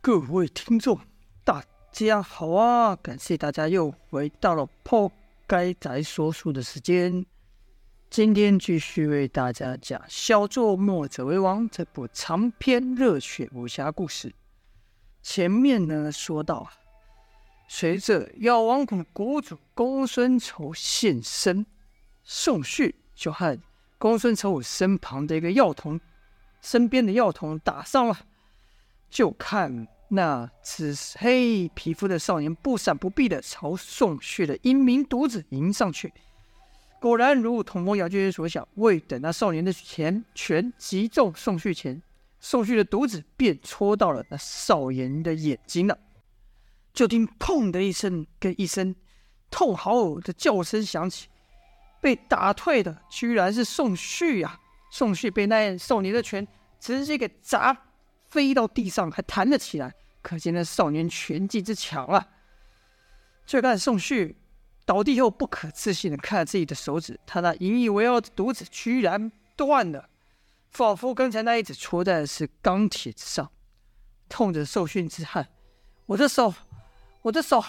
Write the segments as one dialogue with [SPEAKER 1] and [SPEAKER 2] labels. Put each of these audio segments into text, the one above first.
[SPEAKER 1] 各位聽眾，大家好啊！感謝大家又回到了破該宅說書的時間。今天繼續為大家講《小作末者為王》這部長篇熱血武俠故事。前面呢，說到啊，隨着藥王谷谷主公孫仇現身，宋旭就和公孫仇身旁的一個藥童，身邊的藥童打上了。就看那紫黑皮膚的少年不閃不避的朝宋旭的英明獨子迎上去，果然如同風姚君所想，未等那少年的拳拳擊中宋旭前，宋旭的獨子便戳到了那少年的眼睛了。就聽“砰”的一聲跟一聲痛嚎的叫聲響起，被打退的居然是宋旭呀！宋旭被那少年的拳直接給砸。飛到地上還彈了起來，可見那少年拳技之強啊！就看宋旭倒地後，不可置信的看着自己的手指，他那引以為傲的獨指居然斷了，仿佛剛才那一指戳在的是鋼鐵之上。痛着受訓之汗，我的手，我的手，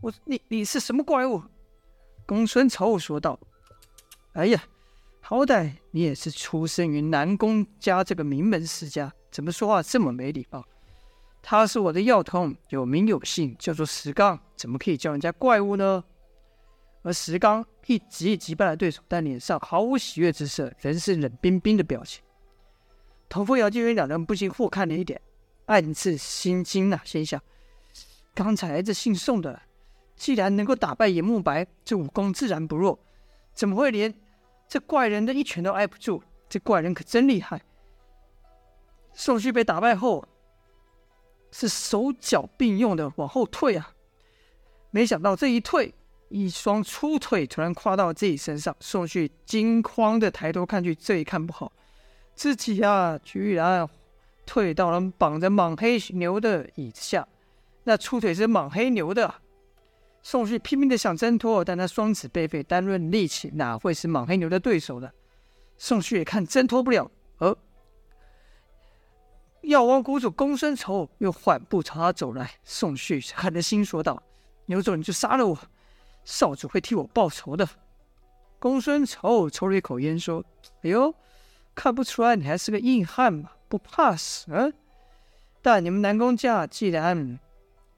[SPEAKER 1] 我你你是什麼怪物？公孫丑說道：“哎呀，好歹你也是出身於南宮家這個名門世家。”怎麼說話這麼沒禮貌？他是我的藥童，有名有姓，叫做石剛，怎麼可以叫人家怪物呢？而石剛一擊一擊敗了對手，但臉上毫無喜悅之色，仍是冷冰冰的表情。童風、姚金元兩人不禁互看了一眼，暗自心驚吶、啊，心想：剛才這姓宋的，既然，能夠打敗嚴慕白，這武功自然不弱，怎麼會連這怪人的一拳都挨不住？這怪人可真厲害！宋旭被打敗後，是手腳並用的往後退啊！沒想到這一退，一雙粗腿突然跨到自己身上。宋旭驚慌的抬頭看去，這一看不好，自己啊，居然退到了綁着莽黑牛的椅子下。那粗腿是莽黑牛的，宋旭拼命的想掙脫，但他雙指被廢，單論力氣，哪會是莽黑牛的對手呢？宋旭也看掙脫不了，呃。藥王谷主公孫仇又緩步朝他走來，宋旭狠着心說道：“有種你就殺了我，少主會替我報仇的。”公孫仇抽了一口煙說：“哎呦，看不出來你還是個硬漢嘛，不怕死。嗯，但你們南宮家既然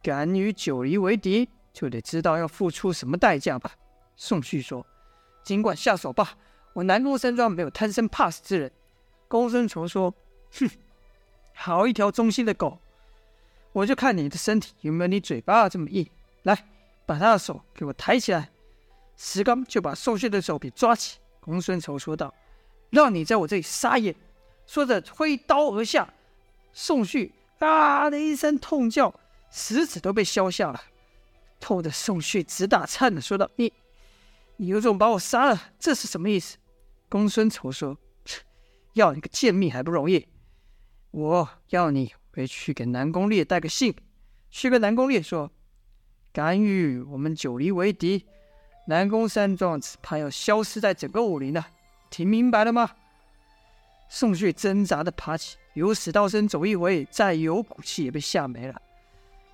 [SPEAKER 1] 敢與九黎為敵，就得知道要付出什麼代價吧？”宋旭說：“儘管下手吧，我南宮山莊沒有貪生怕死之人。”公孫仇說：“哼。”好一條忠心的狗，我就看你的身體有沒有你嘴巴這麼硬。來，把他的手給我抬起來。石剛就把宋旭的手給抓起。公孫丑說道：“讓你在我這裡撒野。”說着揮刀而下。宋旭啊的一聲痛叫，食指都被削下了，痛得宋旭直打顫的說道：“你，你有種把我殺了，這是什麼意思？”公孫丑說：“切，要你個賤命還不容易。”我要你回去給南宮烈帶個信，去跟南宮烈說，敢與我們九黎為敵，南宮山莊只怕要消失在整個武林了。聽明白了嗎？宋旭掙扎地爬起，由死到生走一回，再有骨氣也被嚇沒了。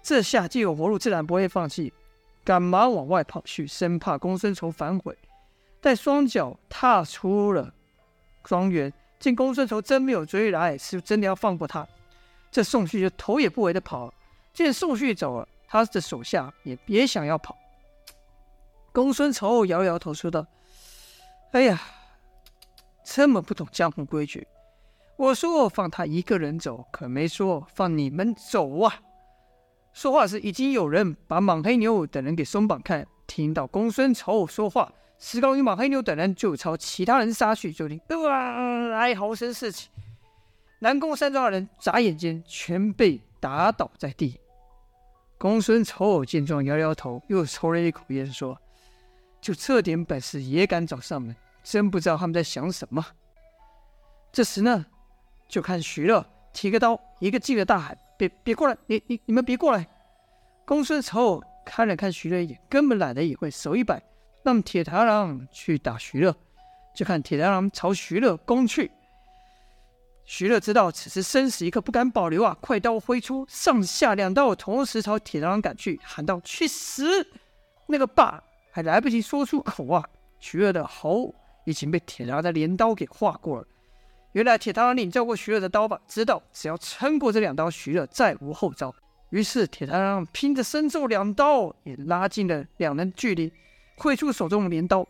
[SPEAKER 1] 這下既有活路，自然不會放棄，趕忙往外跑去，生怕公孫仇反悔。待雙腳踏出了莊園。見公孫仇真沒有追來，是真的要放過他。這宋旭就頭也不回的跑了。見宋旭走了，他的手下也別想要跑。公孫仇搖搖頭說道：“哎呀，這麼不懂江湖規矩！我說放他一個人走，可沒說放你們走啊！”說話時，已經有人把莽黑牛等人給鬆綁。看，聽到公孫仇說話。石膏與馬黑牛等人就朝其他人殺去，就聽呃，啊，哀嚎聲四起，南宮山莊的人眨眼間全被打倒在地。公孫丑偶見狀，搖搖頭，又抽了一口煙，說：“就這點本事也敢找上門，真不知道他們在想什麼。”這時呢，就看徐樂提個刀，一個勁的大喊：“別別過來！你你你們別過來！”公孫丑偶看了看徐樂一眼，根本懶得理會，手一擺。讓鐵螳螂去打徐樂，就看鐵螳螂朝徐樂攻去。徐樂知道此時生死一刻，不敢保留啊！快刀揮出，上下兩刀同時朝鐵螳螂砍去，喊道：“去死！”那個“吧”還來不及說出口啊！徐樂的喉已經被鐵螳螂的鐮刀給劃過了。原來鐵螳螂領教過徐樂的刀法，知道只要撐過這兩刀，徐樂再無後招。於是鐵螳螂拼着身中兩刀，也拉近了兩人的距離。揮出手中的鐮刀，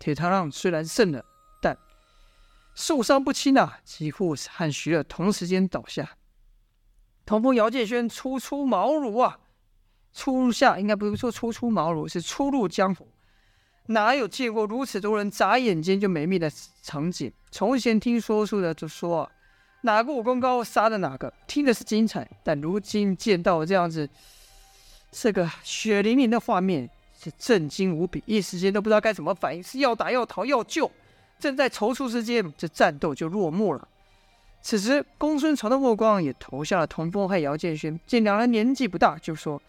[SPEAKER 1] 鐵螳螂雖然勝了，但受傷不輕啊！幾乎是和徐樂同時間倒下。同峰姚建軒初出茅廬啊，初入應該不是說初出,出茅廬，是初入江湖，哪有見過如此多人眨眼間就沒命的場景？從前聽說書的就說啊，哪個武功高，殺的哪個，聽的是精彩，但如今見到這樣子，這個血淋淋的畫面。是震驚無比，一時間都不知道該怎麼反應，是要打要逃要救，正在躊躇之間，這戰鬥就落幕了。此時，公孫仇的目光也投向了童風和姚建軒，見兩人年紀不大，就說：“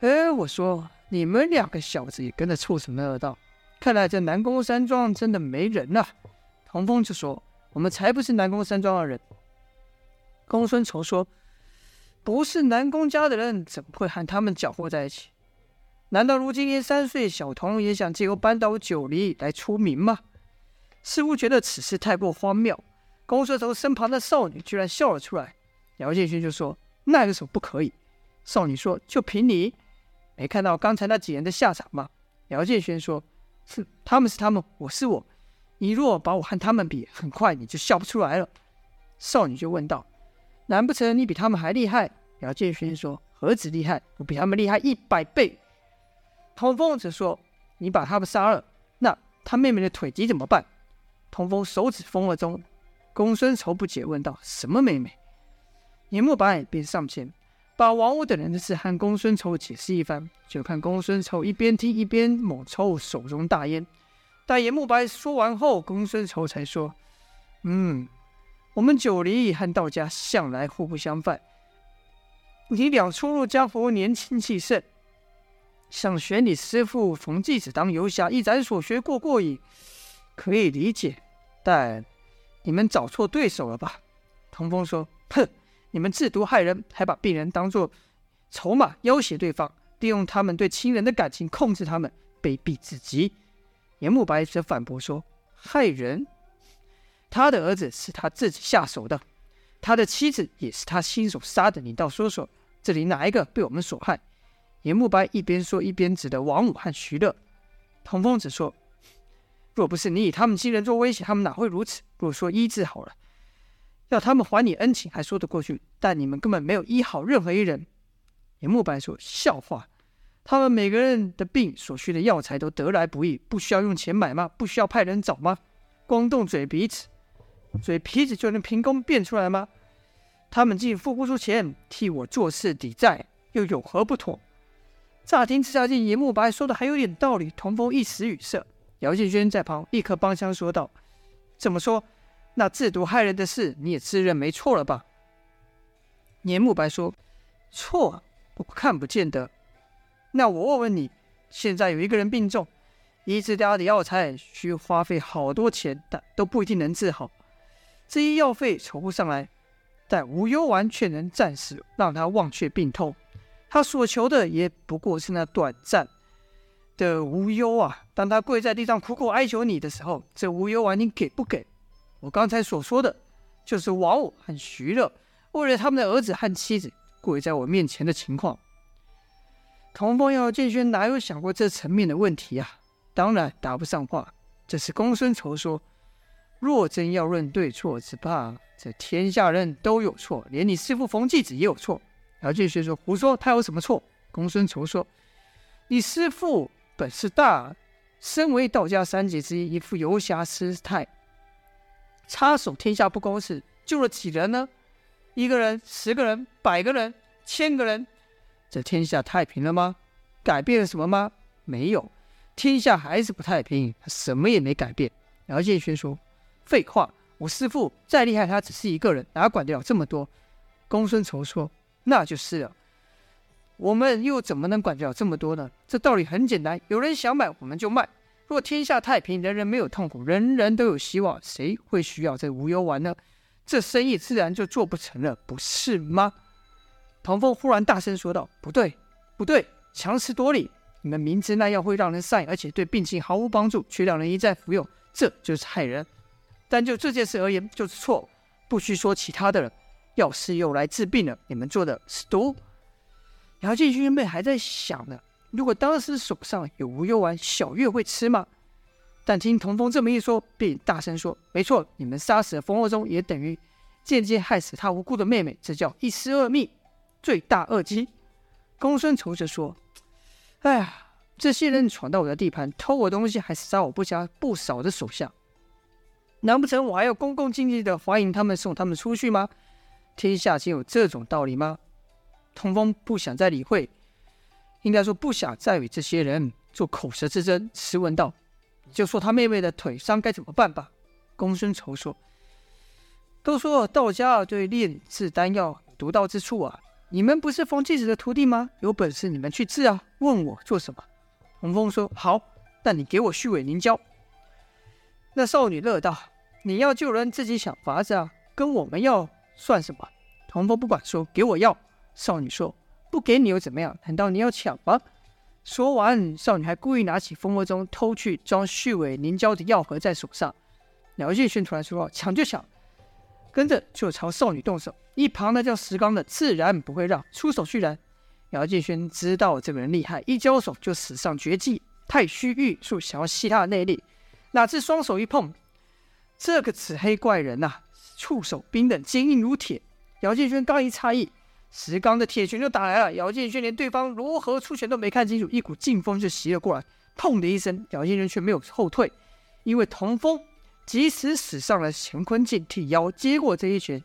[SPEAKER 1] 哎、欸，我說你們兩個小子也跟着湊什麼熱鬧，看來這南宮山莊真的沒人吶。”童風就說：“我們才不是南宮山莊的人。”公孫仇說：“不是南宮家的人，怎麼會和他們攪和在一起？”難道如今連三歲小童也想借由扳倒九黎來出名嗎？似乎覺得此事太過荒謬，公孫頭身旁的少女居然笑了出來。姚建勳就說：“那有什麼不可以？”少女說：“就憑你，沒看到剛才那幾人的下場嗎？”姚建勳說：“哼，他們是他們，我是我。你若把我和他們比，很快你就笑不出來了。”少女就問道：“難不成你比他們還厲害？”姚建勳說：“何止厲害，我比他們厲害一百倍。”童風則說：“你把他們殺了，那他妹妹的腿疾怎麼辦？”童風手指縫了中，公孫仇不解問道：“什麼妹妹？”嚴慕白便上前，把王五等人的事和公孫仇解釋一番。就看公孫仇一邊聽一邊猛抽手中大煙。待嚴慕白說完後，公孫仇才說：“嗯，我們九黎和道家向來互不相犯。你倆初入江湖，年輕氣盛。”想學你師父馮繼子當遊俠，一展所學過過癮，可以理解。但你們找錯對手了吧？唐風說：“哼，你們制毒害人，還把病人當做籌碼要挾對方，利用他們對親人的感情控制他們，卑鄙至極。”嚴慕白則反駁說：“害人？他的兒子是他自己下手的，他的妻子也是他親手殺的。你倒說說，這裡哪一個被我們所害？”嚴慕白一邊說一邊指着王武和徐樂，彭風子說：“若不是你以他們親人做威脅，他們哪會如此？若說醫治好了，要他們還你恩情還說得過去。但你們根本沒有醫好任何一人。”嚴慕白說：“笑話！他們每個人的病所需的藥材都得來不易，不需要用錢買嗎？不需要派人找嗎？光動嘴皮子，嘴皮子就能憑空變出來嗎？他們既付不出錢，替我做事抵債又有何不妥？”乍聽之下，竟年慕白說的還有點道理，同風一時語塞。姚建軒在旁立刻幫腔說道：“怎麼說，那制毒害人的事你也自認沒錯了吧？”年慕白說：“錯啊，我看不見得。”那我問問你，現在有一個人病重，醫治他的藥材需花費好多錢，但都不一定能治好。這醫藥費籌不上來，但無憂丸卻能暫時讓他忘卻病痛。他所求的也不過是那短暫的無憂啊！當他跪在地上苦苦哀求你的時候，這無憂啊，你給不給？我剛才所說的就是王武和徐樂為了他們的兒子和妻子跪在我面前的情況。同朋友建宣哪有想過這層面的問題啊？當然答不上話。這是公孫仇說：“若真要論對錯，只怕這天下人都有錯，連你師父馮季子也有錯。”姚建學說：“胡說，他有什麼錯？”公孫仇說：“你師父本事大，身為道家三傑之一，一副游俠姿態，插手天下不公事，救了幾人呢？一個人、十個人、百個人、千個人，這天下太平了嗎？改變了什麼嗎？沒有，天下還是不太平，什麼也沒改變。”姚建學說：“廢話，我師父再厲害，他只是一個人，哪管得了這麼多？”公孫仇說。那就是了，我們又怎麼能管得了這麼多呢？這道理很簡單，有人想買，我們就賣。若天下太平，人人沒有痛苦，人人都有希望，誰會需要這無憂丸呢？這生意自然就做不成了，不是嗎？唐峰忽然大聲說道：“不對，不對，強詞奪理！你們明知那藥會讓人上癮，而且對病情毫無幫助，卻讓人一再服用，這就是害人。但就這件事而言，就是錯，不需說其他的了。”要是又來治病的，你們做的是毒。姚繼勳妹還在想呢，如果當時手上有無憂丸，小月會吃嗎？但聽童風這麼一說，便大聲說：“沒錯，你們殺死風後中也等於間接害死他無辜的妹妹，這叫一屍二命，罪大惡極。”公孫稠着說：“哎呀，這些人闖到我的地盤，偷我東西，還是殺我不加不少的手下，難不成我還要恭恭敬敬的歡迎他們，送他們出去嗎？”天下竟有這種道理嗎？童風不想再理會，應該說不想再與這些人做口舌之爭。遲問道：“就說他妹妹的腿傷該怎麼辦吧？”公孫仇說：“都說道家對煉制丹藥獨到之處啊！你們不是馮繼子的徒弟嗎？有本事你們去治啊！問我做什麼？”童風說：“好，那你給我虛偽凝膠。”那少女樂道：“你要救人，自己想法子啊，跟我們要。”算什麼？童風不管說，給我藥。少女說：“不給你又怎麼樣？難道你要搶嗎？”說完，少女還故意拿起蜂窩中偷去裝續尾凝膠的藥盒在手上。姚勁軒突然說：“搶就搶！”跟着就朝少女動手。一旁那叫石剛的自然不會讓，出手去攔姚勁軒知道這個人厲害，一交手就使上絕技太虛玉術，想要吸他的內力，哪知雙手一碰，這個紫黑怪人吶、啊！觸手冰冷堅硬如鐵，姚建軒剛一詫異，石剛的鐵拳就打來了。姚建軒連對方如何出拳都沒看清楚，一股勁風就襲了過來，砰的一聲，姚建軒卻沒有後退，因為童風及時使，使上了乾坤鏡替腰接過這一拳。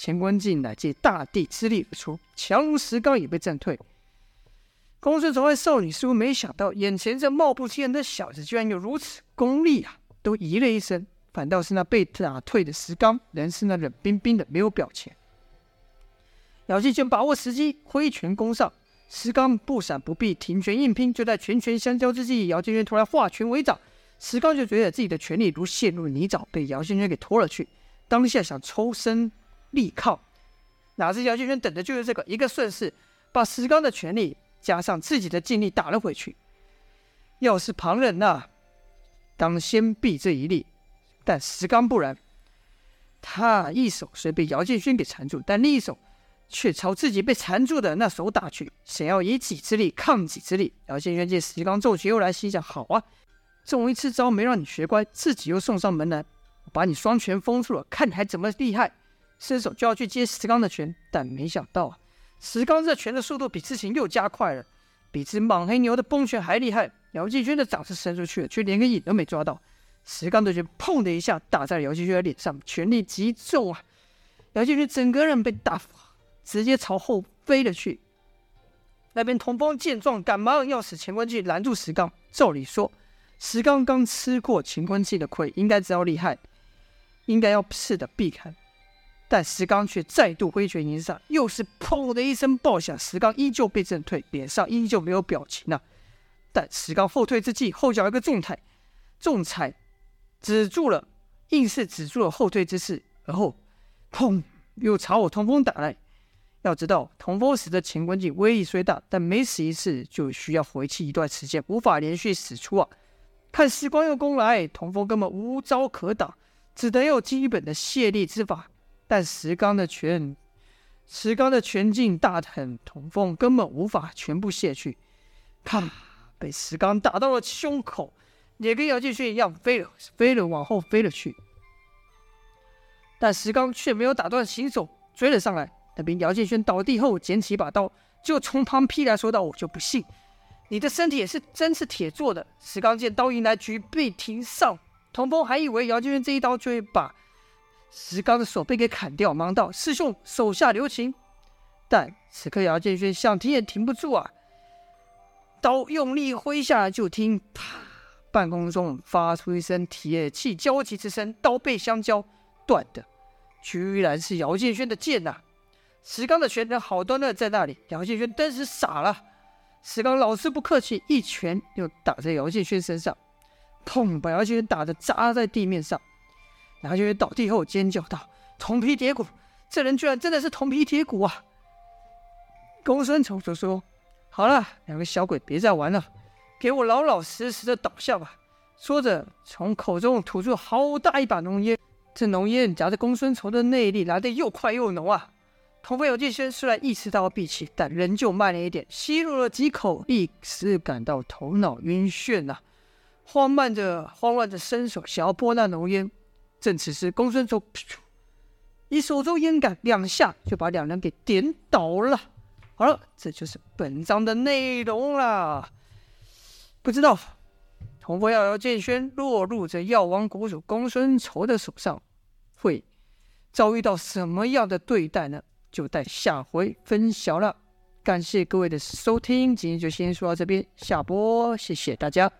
[SPEAKER 1] 乾坤鏡乃借大地之力而出，強如石剛也被震退。公孫丑和少女似乎沒想到眼前這貌不驚人的小子居然有如此功力啊，都咦了一聲。反倒是那被打退的石剛，仍是那冷冰冰的，沒有表情。姚建軍把握時機，揮拳攻上。石剛不閃不避，停拳硬拼。就在拳拳相交之際，姚建軍突然化拳為掌，石剛就覺得自己的拳力如陷入泥沼，被姚建軍給拖了去。當下想抽身力抗，哪知姚建軍等的就是這個，一個順勢把石剛的拳力加上自己的勁力打了回去。要是旁人呢、啊，當先避這一力。但石剛不然，他一手雖被姚建勳給纏住，但另一手卻朝自己被纏住的那手打去，想要以己之力抗己之力。姚建勳見石剛揍起，又來心想：好啊，中一次招沒讓你學乖，自己又送上門來，我把你雙拳封住了，看你還怎麼厲害！伸手就要去接石剛的拳，但沒想到啊，石剛這拳的速度比之前又加快了，比之莽黑牛的崩拳還厲害。姚建勳的掌是伸出去了，卻連個影都沒抓到。石剛的拳砰的一下打在了姚繼軍的臉上，全力擊中啊！姚繼軍整個人被打，直接朝後飛了去。那邊童風見狀，趕忙要使乾坤計攔住石剛。照理說，石剛剛吃過乾坤計的虧，應該知道厲害，應該要試着避開。但石剛卻再度揮拳迎上，又是砰的一聲爆響。石剛依舊被震退，臉上依舊沒有表情啊！但石剛後退之際，後腳一個重踩，重踩。止住了，硬是止住了後退之勢。而後，砰！又朝我童風打來。要知道，童風使的乾坤鏡威力雖大，但每使一次就需要回氣一段時間，無法連續使出啊。看石剛又攻來，童風根本無招可擋，只得有基本的卸力之法。但石剛的拳，石剛的拳勁大得很，童風根本無法全部卸去。啪！被石剛打到了胸口。也跟姚建軒一樣飛了，飛了，往後飛了去。但石剛卻沒有打斷，行走追了上來。那邊姚建軒倒地後，撿起一把刀，就從旁劈來，說道：“我就不信，你的身體也是真是鐵做的。”石剛見刀迎來，舉臂停上。童風還以為姚建軒這一刀就會把石剛的手臂給砍掉，忙道：“師兄，手下留情。”但此刻姚建軒想停也停不住啊，刀用力揮下來就聽啪。半空中發出一聲鐵器交擊之聲，刀背相交，斷的，居然是姚建軒的劍吶、啊！石剛的拳頭好端端的在那裡，姚建軒頓時傻了。石剛老是不客氣，一拳又打在姚建軒身上，砰，把姚建軒打得砸在地面上。姚建軒倒地後尖叫道：“銅皮鐵骨，這人居然真的是銅皮鐵骨啊！”公孫丑丑說：“好了，兩個小鬼，別再玩了。”給我老老實實的倒下吧！說着，從口中吐出好大一把濃煙。這濃煙夾着公孫仇的內力，來得又快又濃啊！童飛有進身，雖然意識到要閉氣，但仍舊慢了一點，吸入了幾口，一時感到頭腦暈眩啊！慌慢着，慌亂着伸手想要撥那濃煙。正此時，公孫仇啪啪以手中煙桿兩下就把兩人給點倒了。好了，這就是本章的內容啦。不知道，童夫藥藥劍軒落入這藥王谷主公孫仇的手上，會遭遇到什麼樣的對待呢？就待下回分曉了。感謝各位的收聽，今天就先說到這邊，下播，謝謝大家。